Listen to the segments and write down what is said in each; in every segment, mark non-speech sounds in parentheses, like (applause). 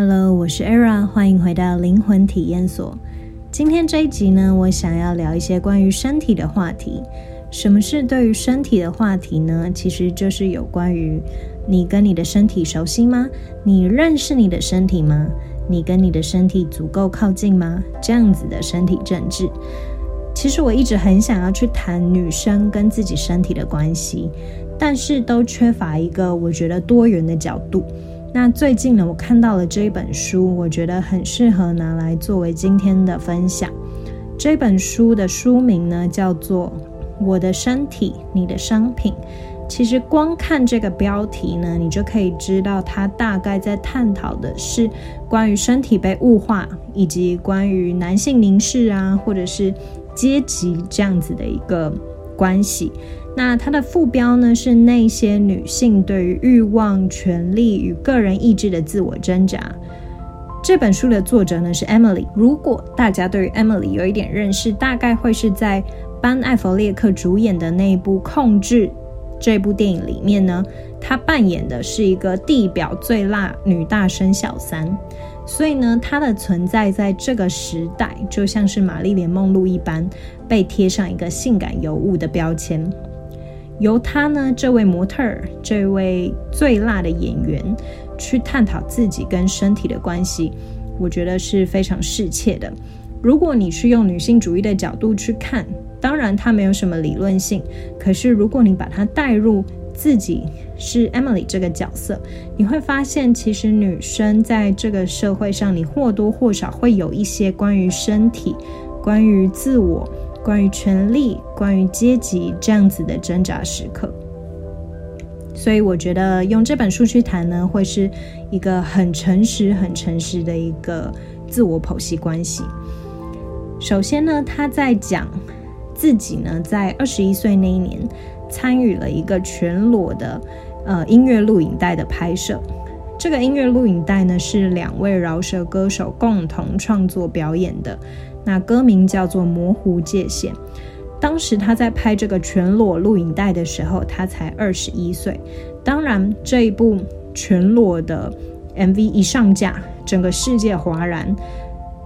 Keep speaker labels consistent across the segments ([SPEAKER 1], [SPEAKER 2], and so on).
[SPEAKER 1] 哈嘍，Hello, 我是 Era，歡迎回到靈魂體驗所。今天這一集呢，我想要聊一些關於身體的話題。什麼是對於身體的話題呢？其實就是有關於你跟你的身體熟悉嗎？你認識你的身體嗎？你跟你的身體足夠靠近嗎？這樣子的身體政治。其實我一直很想要去談女生跟自己身體的關係，但是都缺乏一個我覺得多元的角度。那最近呢，我看到了這一本書，我覺得很適合拿來作為今天的分享。這本書的書名呢，叫做《我的身體，你的商品》。其實光看這個標題呢，你就可以知道它大概在探討的是關於身體被物化，以及關於男性凝視啊，或者是階級這樣子的一個。關係，那它的副標呢，是那些女性對於慾望、權力與個人意志的自我掙扎。這本書的作者呢是 Emily。如果大家對於 Emily 有一點認識，大概會是在班艾佛列克主演的那一部《控制》這部電影裡面呢，她扮演的是一個地表最辣女大生小三。所以呢，她的存在在這個時代，就像是瑪麗蓮夢露一般，被貼上一個性感尤物的標籤。由她呢，這位模特兒，這位最辣的演員，去探討自己跟身體的關係，我覺得是非常適切的。如果你是用女性主義的角度去看，當然它沒有什麼理論性，可是如果你把它帶入，自己是 Emily 這個角色，你會發現，其實女生在這個社會上，你或多或少會有一些關於身體、關於自我、關於權力、關於階級這樣子的掙扎時刻。所以，我覺得用這本書去談呢，會是一個很誠實、很誠實的一個自我剖析關係。首先呢，她在講自己呢，在二十一歲那一年。參與了一個全裸的呃音樂錄影帶的拍攝，這個音樂錄影帶呢是兩位饒舌歌手共同創作表演的，那歌名叫做《模糊界限》。當時他在拍這個全裸錄影帶的時候，他才二十一歲。當然，這一部全裸的 MV 一上架，整個世界嘩然，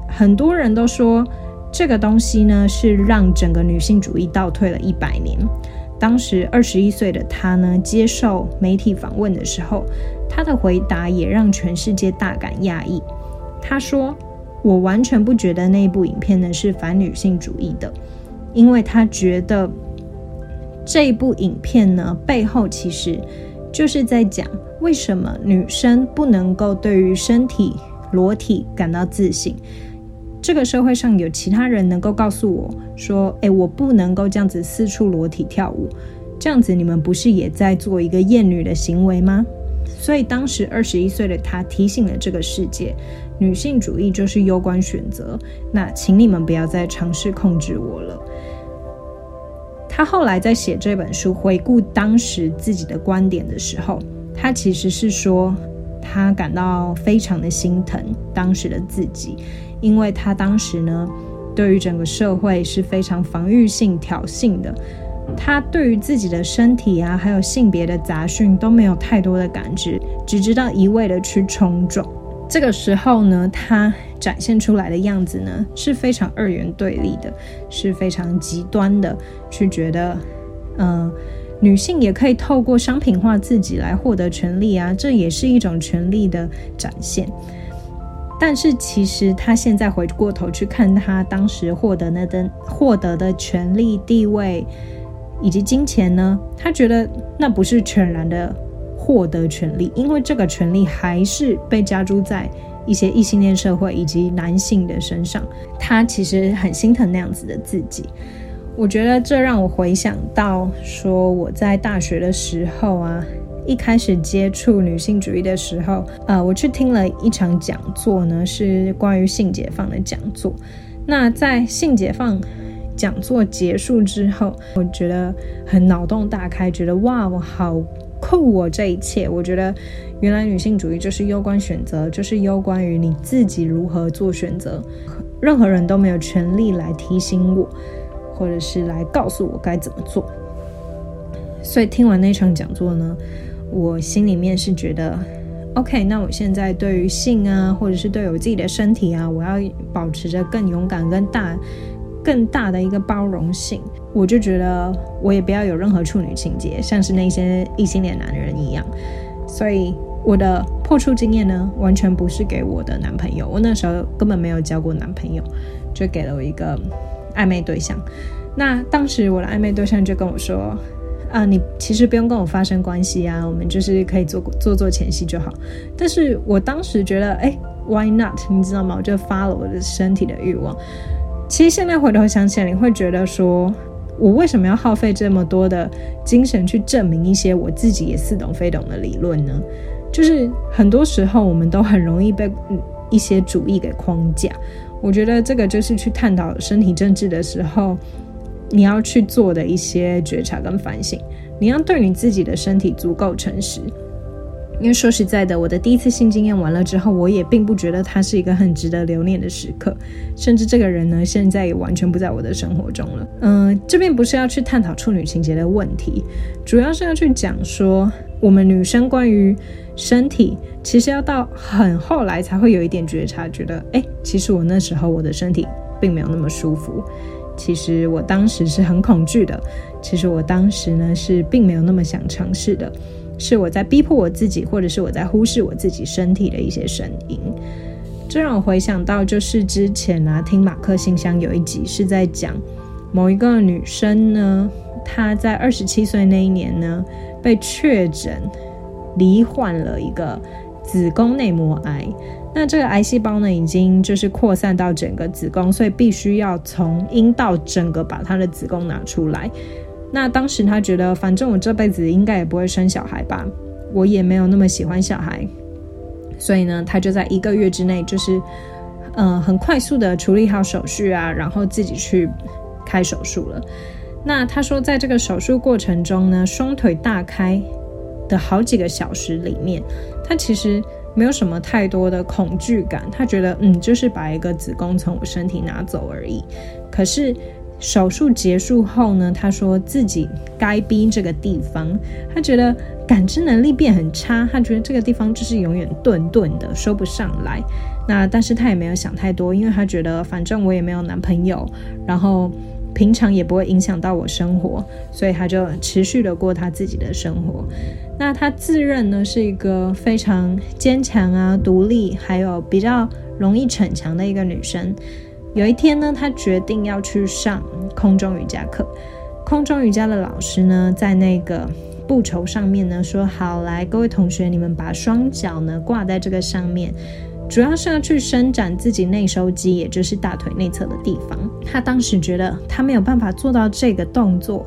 [SPEAKER 1] 很多人都說這個東西呢是讓整個女性主義倒退了一百年。當時二十一歲的他呢，接受媒體訪問的時候，他的回答也讓全世界大感訝異。他說：“我完全不覺得那部影片呢是反女性主義的，因為他覺得這部影片呢背後其實就是在講為什麼女生不能夠對於身體裸體感到自信。”這個社會上有其他人能夠告訴我說：“誒、欸，我不能夠這樣子四處裸體跳舞，這樣子你們不是也在做一個厭女的行為嗎？”所以當時二十一歲的他提醒了這個世界：女性主義就是攸關選擇。那請你們不要再嘗試控制我了。他後來在寫這本書回顧當時自己的觀點的時候，他其實是說他感到非常的心疼當時的自己。因為他當時呢，對於整個社會是非常防禦性挑釁的，他對於自己的身體啊，還有性別的雜訊都沒有太多的感知，只知道一味的去衝撞。這個時候呢，他展現出來的樣子呢，是非常二元對立的，是非常極端的，去覺得，嗯、呃，女性也可以透過商品化自己來獲得權利啊，這也是一種權利的展現。但是其實他現在回過頭去看他當時獲得那的獲得的權力、地位，以及金錢呢，他覺得那不是全然的獲得權力，因為這個權力還是被加諸在一些異性戀社會以及男性的身上。他其實很心疼那樣子的自己。我覺得這讓我回想到說，我在大學的時候啊。一開始接觸女性主義的時候，呃，我去聽了一場講座呢，是關於性解放的講座。那在性解放講座結束之後，我覺得很腦洞大開，覺得哇，我好酷哦！我這一切，我覺得原來女性主義就是攸關選擇，就是攸關於你自己如何做選擇。任何人都沒有權利來提醒我，或者是來告訴我該怎麼做。所以聽完那場講座呢。我心裡面是覺得，OK，那我現在對於性啊，或者是對我自己的身體啊，我要保持着更勇敢、更大、更大的一個包容性。我就覺得，我也不要有任何處女情節，像是那些異性戀男人一樣。所以我的破處經驗呢，完全不是給我的男朋友，我那時候根本沒有交過男朋友，就給了我一個曖昧對象。那當時我的曖昧對象就跟我說。啊，你其實不用跟我發生關係啊，我們就是可以做做做前戲就好。但是我當時覺得，哎，why not？你知道嗎？我就 follow 我的身體的慾望。其實現在回頭想起來，你會覺得說，我為什麼要耗費這麼多的精神去證明一些我自己也似懂非懂的理論呢？就是很多時候我們都很容易被一些主義給框架。我覺得這個就是去探討身體政治的時候，你要去做的一些覺察跟反省，你要對你自己的身體足夠誠實。因為說實在的，我的第一次性經驗完了之後，我也並不覺得它是一個很值得留戀的時刻，甚至這個人呢，現在也完全不在我的生活中了。嗯、呃，這邊不是要去探討處女情結的問題，主要是要去講說我們女生關於身體，其實要到很後來才會有一點覺察，覺得誒，其實我那時候我的身體並沒有那麼舒服。其實我當時是很恐懼的，其實我當時呢是並沒有那麼想嘗試的，是我在逼迫我自己，或者是我在忽視我自己身體的一些聲音，這讓我回想到就是之前啊，聽馬克信箱有一集是在講某一個女生呢，她在二十七歲那一年呢被確診罹患了一個子宮內膜癌。那這個癌細胞呢，已經就是擴散到整個子宮，所以必須要從陰道整個把它的子宮拿出來。那當時他覺得，反正我這輩子應該也不會生小孩吧，我也沒有那麼喜歡小孩，所以呢，他就在一個月之內，就是嗯、呃，很快速地處理好手續啊，然後自己去開手術了。那他說，在這個手術過程中呢，雙腿大開的好幾個小時裡面，他其實。沒有什麼太多的恐懼感，他覺得嗯，就是把一個子宮從我身體拿走而已。可是手術結束後呢，他說自己該逼這個地方，他覺得感知能力變很差，他覺得這個地方就是永遠鈍鈍的，說不上來。那但是他也沒有想太多，因為他覺得反正我也沒有男朋友，然後。平常也不會影響到我生活，所以他就持續的過他自己的生活。那他自認呢是一個非常堅強啊、獨立，還有比較容易逞強的一個女生。有一天呢，他決定要去上空中瑜伽課。空中瑜伽的老師呢，在那個布綢上面呢說：“好，來，各位同學，你們把雙腳呢掛在這個上面。”主要是要去伸展自己內收肌，也就是大腿內側的地方。他當時覺得他沒有辦法做到這個動作，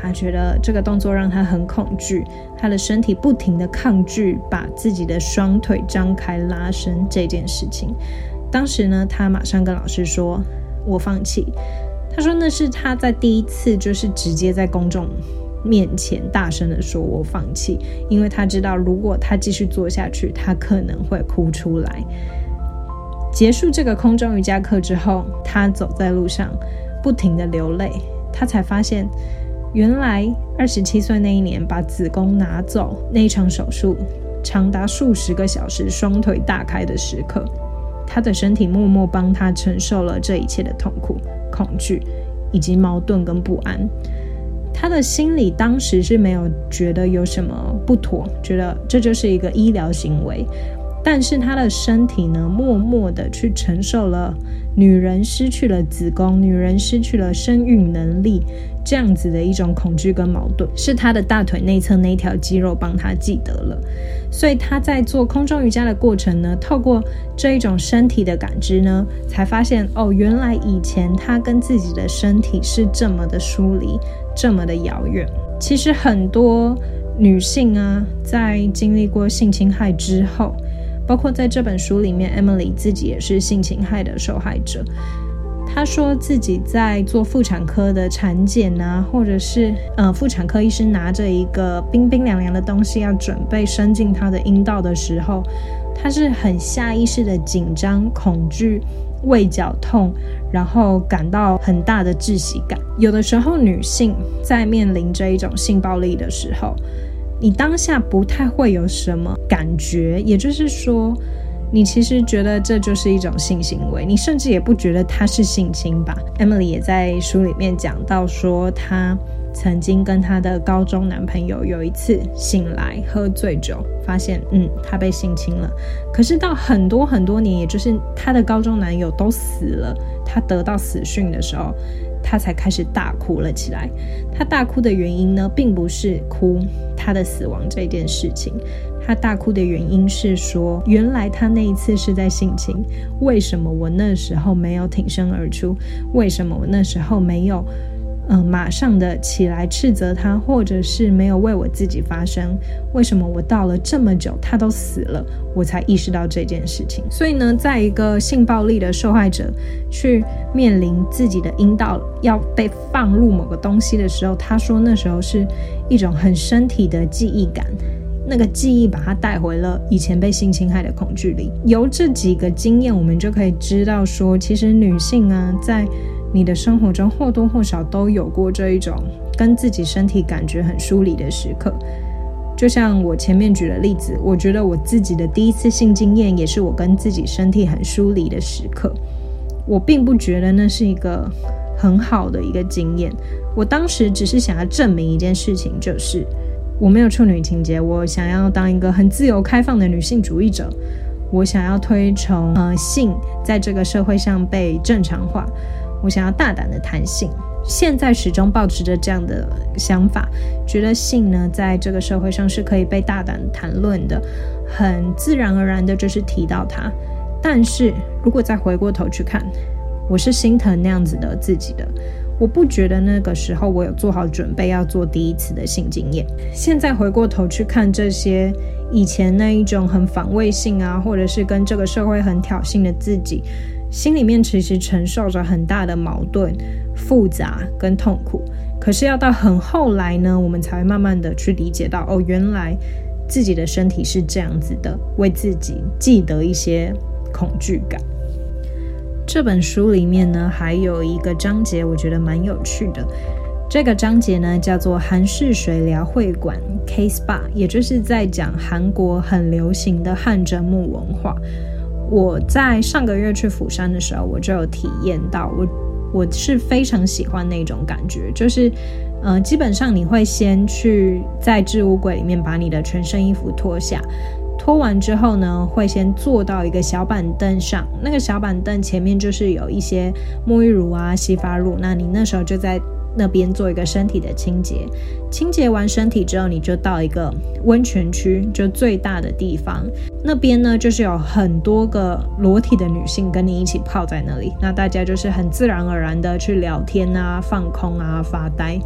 [SPEAKER 1] 他覺得這個動作讓他很恐懼，他的身體不停地抗拒把自己的雙腿張開拉伸這件事情。當時呢，他馬上跟老師說：“我放棄。”他說那是他在第一次就是直接在公眾。面前大聲的說：“我放棄。”因為他知道，如果他繼續做下去，他可能會哭出來。結束這個空中瑜伽課之後，他走在路上，不停的流淚。他才發現，原來二十七歲那一年把子宮拿走那一場手術，長達數十個小時、雙腿大開的時刻，他的身體默默幫他承受了這一切的痛苦、恐懼以及矛盾跟不安。他的心裡當時是沒有覺得有什麼不妥，覺得這就是一個醫療行為。但是她的身體呢，默默地去承受了女人失去了子宮，女人失去了生育能力，這樣子的一種恐懼跟矛盾，是她的大腿內側那一條肌肉幫她記得了。所以她在做空中瑜伽的過程呢，透過這一種身體的感知呢，才發現哦，原來以前她跟自己的身體是這麼的疏離，這麼的遙遠。其實很多女性啊，在經歷過性侵害之後。包括在這本書裡面，Emily 自己也是性侵害的受害者。她說自己在做婦產科的產檢啊，或者是呃婦產科醫師拿着一個冰冰涼涼的東西要準備伸進她的陰道的時候，她是很下意識的緊張、恐懼、胃絞痛，然後感到很大的窒息感。有的時候，女性在面臨這一種性暴力的時候，你當下不太會有什麼感覺，也就是說，你其實覺得這就是一種性行為，你甚至也不覺得他是性侵吧？Emily 也在書裡面講到說，她曾經跟她的高中男朋友有一次醒來喝醉酒，發現嗯，她被性侵了。可是到很多很多年，也就是她的高中男友都死了，她得到死訊的時候，她才開始大哭了起來。她大哭的原因呢，並不是哭。他的死亡這件事情，他大哭的原因是說，原來他那一次是在性侵，為什麼我那時候沒有挺身而出？為什麼我那時候沒有？嗯、呃，馬上的起來斥責他，或者是沒有為我自己發聲。為什麼我到了這麼久，他都死了，我才意識到這件事情？所以呢，在一個性暴力的受害者去面臨自己的陰道要被放入某個東西的時候，他說那時候是一種很身體的記憶感，那個記憶把他帶回了以前被性侵害的恐懼裡。由這幾個經驗，我們就可以知道說，其實女性啊，在你的生活中或多或少都有過這一種跟自己身體感覺很疏離的時刻，就像我前面舉的例子，我覺得我自己的第一次性經驗也是我跟自己身體很疏離的時刻。我並不覺得那是一個很好的一個經驗，我當時只是想要證明一件事情，就是我沒有處女情結，我想要當一個很自由開放的女性主義者，我想要推崇呃性在這個社會上被正常化。我想要大膽的談性，現在始終保持着這樣的想法，覺得性呢，在這個社會上是可以被大膽談論的，很自然而然的就是提到它。但是如果再回過頭去看，我是心疼那樣子的自己的，我不覺得那個時候我有做好準備要做第一次的性經驗。現在回過頭去看這些以前那一種很防衛性啊，或者是跟這個社會很挑釁的自己，心裡面其實承受着很大的矛盾、複雜跟痛苦，可是要到很後來呢，我們才會慢慢的去理解到，哦，原來自己的身體是這樣子的，為自己記得一些恐懼感。這本書裡面呢，還有一個章節我覺得蠻有趣的，這個章節呢叫做韓式水療會館 K Spa，也就是在講韓國很流行的汗蒸幕文化。我在上個月去釜山的時候，我就有體驗到我，我我是非常喜歡那種感覺，就是，呃，基本上你會先去在置物櫃裡面把你的全身衣服脫下，脫完之後呢，會先坐到一個小板凳上，那個小板凳前面就是有一些沐浴乳啊、洗髮乳，那你那時候就在。那邊做一個身體的清潔，清潔完身體之後，你就到一個溫泉區，就最大的地方。那邊呢，就是有很多個裸體的女性跟你一起泡在那裡。那大家就是很自然而然的去聊天啊、放空啊、發呆。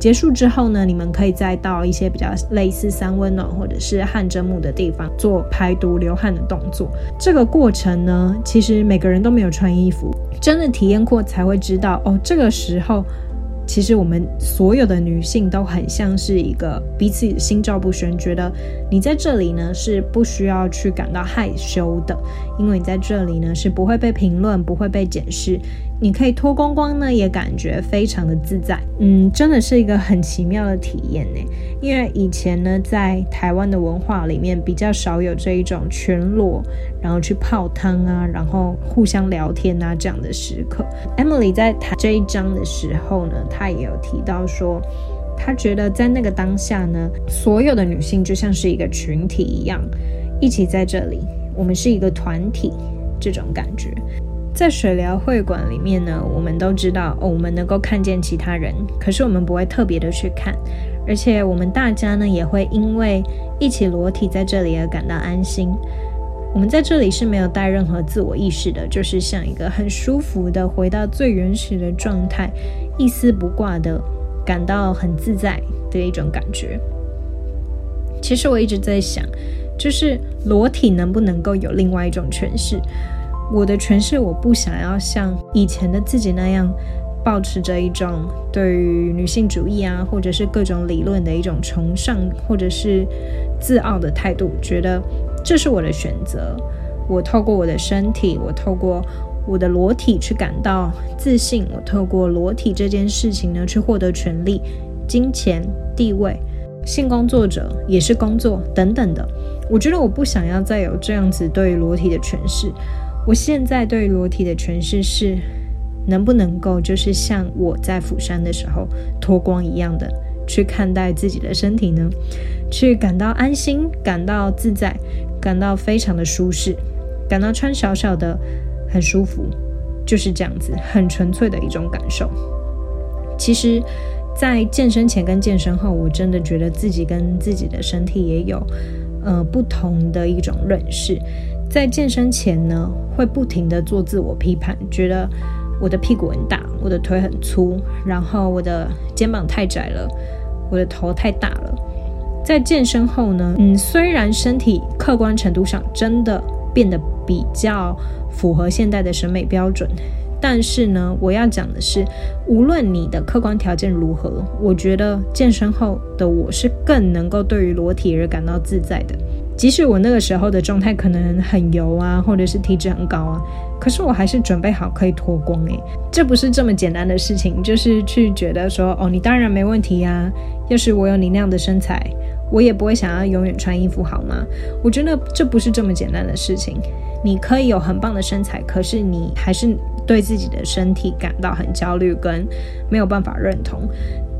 [SPEAKER 1] 結束之後呢，你們可以再到一些比較類似三溫暖、哦、或者是汗蒸幕的地方做排毒流汗的動作。這個過程呢，其實每個人都沒有穿衣服，真的體驗過才會知道哦。這個時候。其實我們所有的女性都很像是一個彼此心照不宣，覺得你在這裡呢是不需要去感到害羞的，因為你在這裡呢是不會被評論，不會被檢視。你可以脫光光呢，也感覺非常的自在，嗯，真的是一個很奇妙的體驗呢。因為以前呢，在台灣的文化裡面比較少有這一種全裸，然後去泡湯啊，然後互相聊天啊這樣的時刻。Emily 在談這一章的時候呢，她也有提到說，她覺得在那個當下呢，所有的女性就像是一個群體一樣，一起在這裡，我們是一個團體，這種感覺。在水療會館裡面呢，我們都知道哦，我們能夠看見其他人，可是我們不會特別的去看，而且我們大家呢也會因為一起裸體在這裡而感到安心。我們在這裡是沒有帶任何自我意識的，就是像一個很舒服的回到最原始的狀態，一絲不掛的，感到很自在的一種感覺。其實我一直在想，就是裸體能不能夠有另外一種詮釋？我的詮釋，我不想要像以前的自己那樣，保持着一種對於女性主義啊，或者是各種理論的一種崇尚，或者是自傲的態度，覺得這是我的選擇。我透過我的身體，我透過我的裸體去感到自信，我透過裸體這件事情呢，去獲得權利、金錢、地位、性工作者也是工作等等的。我覺得我不想要再有這樣子對裸體的詮釋。我現在對裸體的詮釋是，能不能夠就是像我在釜山的時候脫光一樣的去看待自己的身體呢？去感到安心，感到自在，感到非常的舒適，感到穿小小的很舒服，就是這樣子，很純粹的一種感受。其實，在健身前跟健身後，我真的覺得自己跟自己的身體也有，呃，不同的一種認識。在健身前呢，會不停地做自我批判，覺得我的屁股很大，我的腿很粗，然後我的肩膀太窄了，我的頭太大了。在健身後呢，嗯，雖然身體客觀程度上真的變得比較符合現代的審美標準，但是呢，我要講的是，無論你的客觀條件如何，我覺得健身後的我是更能夠對於裸體而感到自在的。即使我那個時候的狀態可能很油啊，或者是體脂很高啊，可是我還是準備好可以脫光誒、欸，這不是這麼簡單的事情。就是去覺得說，哦，你當然沒問題啊，要是我有你那樣的身材，我也不會想要永遠穿衣服好嗎？我覺得這不是這麼簡單的事情。你可以有很棒的身材，可是你還是對自己的身體感到很焦慮，跟沒有辦法認同。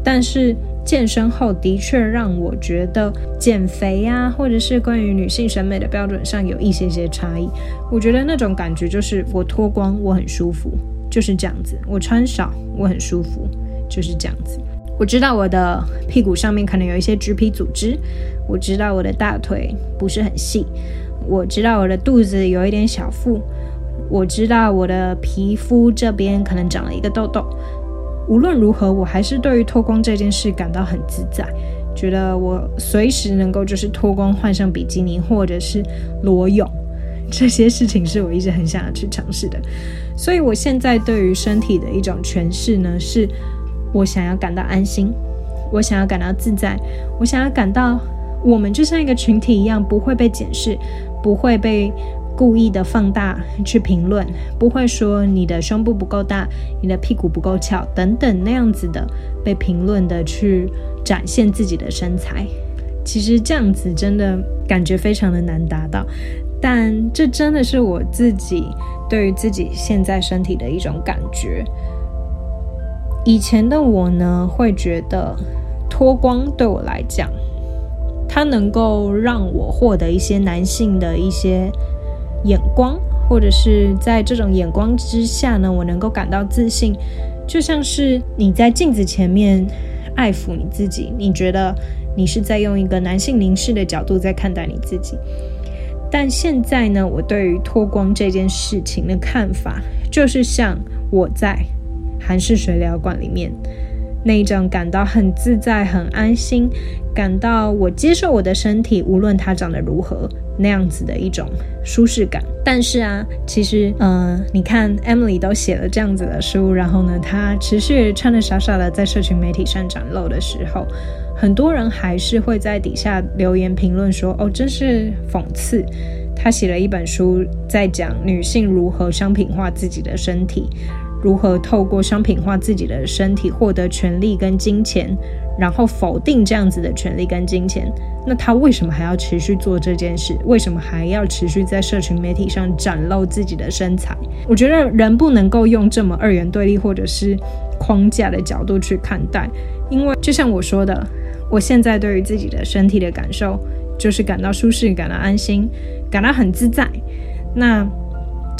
[SPEAKER 1] 但是健身後的確讓我覺得減肥呀、啊，或者是關於女性審美的標準上有一些些差異。我覺得那種感覺就是我脫光我很舒服，就是這樣子；我穿少我很舒服，就是這樣子。我知道我的屁股上面可能有一些橘皮組織，我知道我的大腿不是很細，我知道我的肚子有一點小腹，我知道我的皮膚這邊可能長了一個痘痘。無論如何，我還是對於脫光這件事感到很自在，覺得我隨時能夠就是脫光換上比基尼或者是裸泳，這些事情是我一直很想要去嘗試的。所以我現在對於身體的一種詮釋呢，是，我想要感到安心，我想要感到自在，我想要感到我們就像一個群體一樣，不會被檢視，不會被。故意的放大去評論，不會說你的胸部不夠大，你的屁股不夠翹等等那樣子的被評論的去展現自己的身材。其實這樣子真的感覺非常的難達到，但這真的是我自己對於自己現在身體的一種感覺。以前的我呢，會覺得脫光對我來講，它能夠讓我獲得一些男性的一些眼光，或者是在這種眼光之下呢，我能夠感到自信，就像是你在鏡子前面愛撫你自己，你覺得你是在用一個男性凝視的角度在看待你自己。但現在呢，我對於脫光這件事情的看法，就是像我在韓式水療館裡面，那一種感到很自在、很安心，感到我接受我的身體，無論它長得如何，那樣子的一種舒適感。但是啊，其實，嗯、呃，你看，Emily 都寫了這樣子的書，然後呢，她持續穿得少少的在社群媒體上展露的時候，很多人還是會在底下留言評論說：“哦，真是諷刺，她寫了一本書，在講女性如何商品化自己的身體。”如何透過商品化自己的身體獲得權力跟金錢，然後否定這樣子的權力跟金錢？那他為什麼還要持續做這件事？為什麼還要持續在社群媒體上展露自己的身材？我覺得人不能夠用這麼二元對立或者是框架的角度去看待，因為就像我說的，我現在對於自己的身體的感受，就是感到舒適，感到安心，感到很自在。那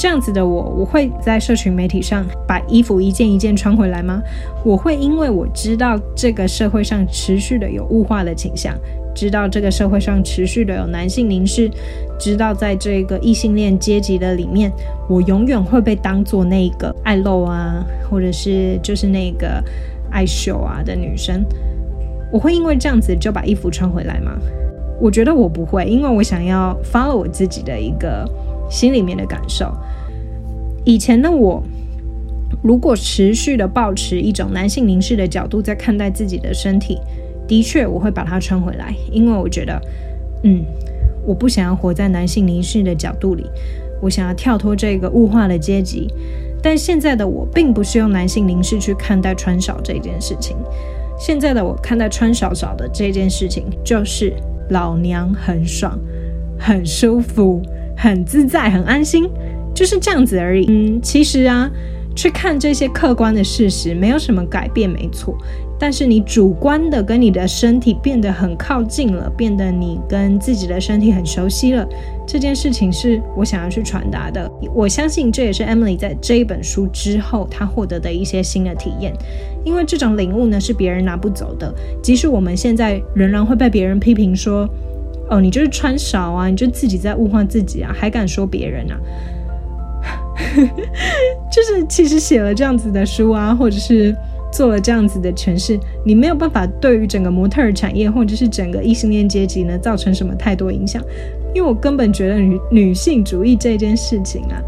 [SPEAKER 1] 這樣子的我，我會在社群媒體上把衣服一件一件穿回來嗎？我會因為我知道這個社會上持續的有物化的傾向，知道這個社會上持續的有男性凝視，知道在這個異性戀階級的裡面，我永遠會被當做那個愛露啊，或者是就是那個愛秀啊的女生，我會因為這樣子就把衣服穿回來嗎？我覺得我不會，因為我想要 follow 我自己的一個。心裡面的感受，以前的我，如果持續地保持一種男性凝視的角度在看待自己的身體，的確我會把它穿回來，因為我覺得，嗯，我不想要活在男性凝視的角度裡，我想要跳脫這個物化的階級。但現在的我，並不是用男性凝視去看待穿少這件事情。現在的我看待穿少少的這件事情，就是老娘很爽，很舒服。很自在，很安心，就是這樣子而已。嗯，其實啊，去看這些客觀的事實，沒有什麼改變，沒錯。但是你主觀的跟你的身體變得很靠近了，變得你跟自己的身體很熟悉了，這件事情是我想要去傳達的。我相信這也是 Emily 在這一本書之後她獲得的一些新的體驗，因為這種領悟呢是別人拿不走的。即使我們現在仍然會被別人批評說。哦，你就是穿少啊，你就自己在物化自己啊，還敢說別人啊？ (laughs) 就是其實寫了這樣子的書啊，或者是做了這樣子的詮釋，你沒有辦法對於整個模特兒產業或者是整個異性戀階級呢造成什麼太多影響，因為我根本覺得女女性主義這件事情啊，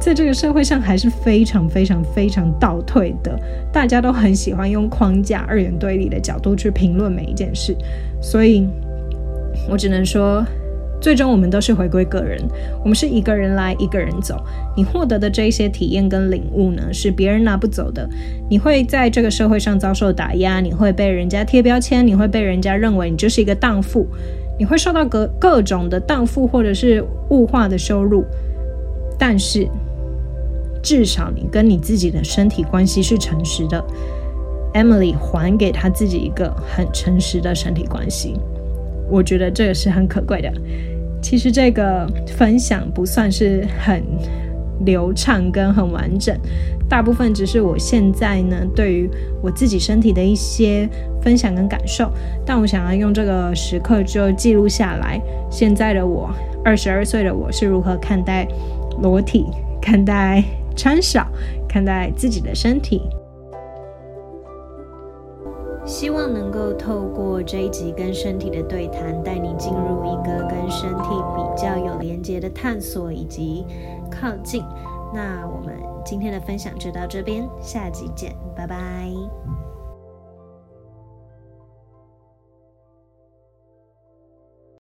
[SPEAKER 1] 在這個社會上還是非常非常非常倒退的，大家都很喜歡用框架二元對立的角度去評論每一件事，所以。我只能說，最終我們都是回歸個人，我們是一個人來，一個人走。你獲得的這些體驗跟領悟呢，是別人拿不走的。你會在這個社會上遭受打壓，你會被人家貼標籤，你會被人家認為你就是一個蕩婦，你會受到各各種的蕩婦或者是物化的羞辱。但是，至少你跟你自己的身體關係是誠實的。Emily 還給她自己一個很誠實的身體關係。我覺得這個是很可貴的。其實這個分享不算是很流暢跟很完整，大部分只是我現在呢，對於我自己身體的一些分享跟感受。但我想要用這個時刻就記錄下來，現在的我，二十二歲的我是如何看待裸體、看待穿少、看待自己的身體。希望能夠透過這一集跟身體的對談，帶你進入一個跟身體比較有連接的探索以及靠近。那我們今天的分享就到這邊，下集見，拜拜。